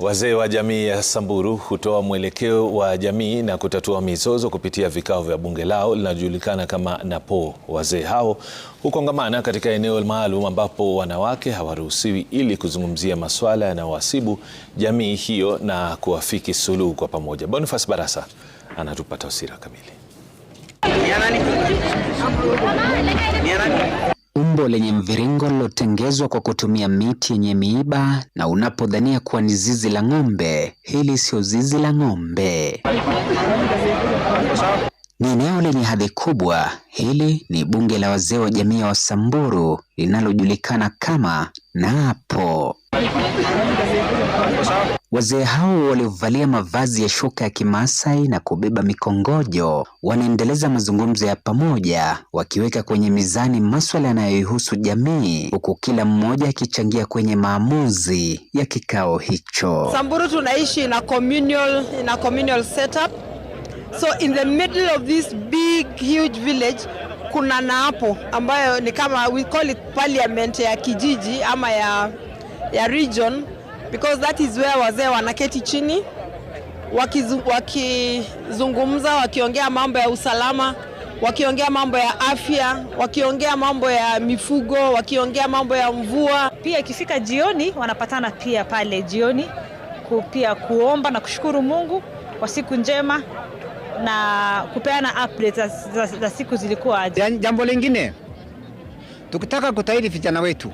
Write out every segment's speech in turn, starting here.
Wazee wa jamii ya Samburu hutoa mwelekeo wa jamii na kutatua mizozo kupitia vikao vya bunge lao linajulikana kama NAPO. Wazee hao hukongamana katika eneo maalum ambapo wanawake hawaruhusiwi ili kuzungumzia masuala yanayowasibu jamii hiyo na kuafiki suluhu kwa pamoja. Boniface Barasa anatupa taswira kamili umbo lenye mviringo lilotengezwa kwa kutumia miti yenye miiba na unapodhania kuwa ni zizi la ng'ombe, hili sio zizi la ng'ombe. Ni eneo lenye hadhi kubwa. Hili ni bunge la wazee wa jamii ya Wasamburu linalojulikana kama Napo. Wazee hao waliovalia mavazi ya shuka ya kimaasai na kubeba mikongojo wanaendeleza mazungumzo ya pamoja wakiweka kwenye mizani maswala yanayoihusu jamii huku kila mmoja akichangia kwenye maamuzi ya kikao hicho. Samburu tunaishi in a communal, in a communal setup. So in the middle of this big huge village kuna naapo ambayo ni kama we call it parliament ya kijiji ama ya, ya region because that is where wazee wanaketi chini wakizungumza, waki wakiongea mambo ya usalama, wakiongea mambo ya afya, wakiongea mambo ya mifugo, wakiongea mambo ya mvua. Pia ikifika jioni, wanapatana pia pale jioni pia kuomba na kushukuru Mungu kwa siku njema na kupeana update za, za, za siku zilikuwa aje. Jambo lingine, tukitaka kutahiri vijana wetu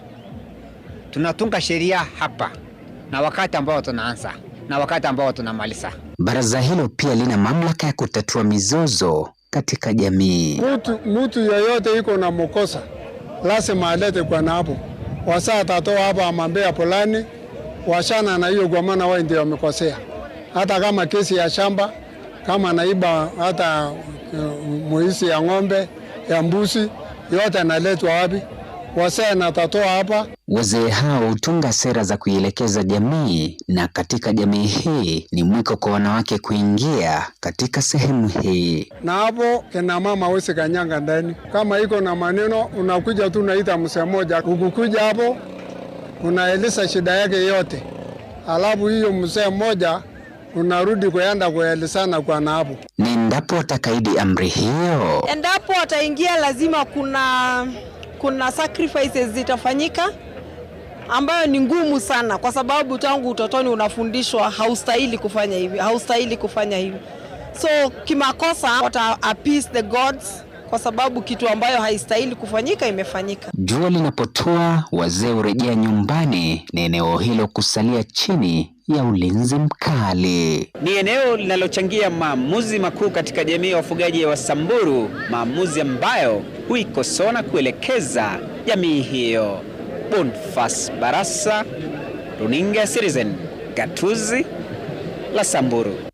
tunatunga sheria hapa na wakati ambao tunaanza na wakati ambao tunamaliza. Baraza hilo pia lina mamlaka ya kutatua mizozo katika jamii. Mtu mtu yoyote iko na mkosa lazima alete kwa napo wasa atatoa hapa amambea polani washana na hiyo kwa maana wao ndio wamekosea, hata kama kesi ya shamba kama naiba hata uh, eh, mwisi ya ng'ombe ya mbuzi yote analetwa wapi? wasee natatoa hapa. Wazee hao hutunga sera za kuielekeza jamii, na katika jamii hii ni mwiko kwa wanawake kuingia katika sehemu hii, na hapo kina mama wese kanyanga ndani. Kama iko na maneno, unakuja tu unaita msee moja, ukukuja hapo unaeleza shida yake yote, alafu hiyo msee mmoja unarudi kuenda kuelezana kwa naapo. Ni endapo watakaidi amri hiyo, endapo wataingia, lazima kuna kuna sacrifices zitafanyika ambayo ni ngumu sana, kwa sababu tangu utotoni unafundishwa haustahili kufanya hivi, haustahili kufanya hivi, so kimakosa are appease the gods kwa sababu kitu ambayo haistahili kufanyika imefanyika. Jua linapotua, wazee hurejea nyumbani na eneo hilo kusalia chini ya ulinzi mkali. Ni eneo linalochangia maamuzi makuu katika jamii ya wafugaji wa Samburu, maamuzi ambayo huikosoa na kuelekeza jamii hiyo. Bonfas Barasa, Runinga Citizen, gatuzi la Samburu.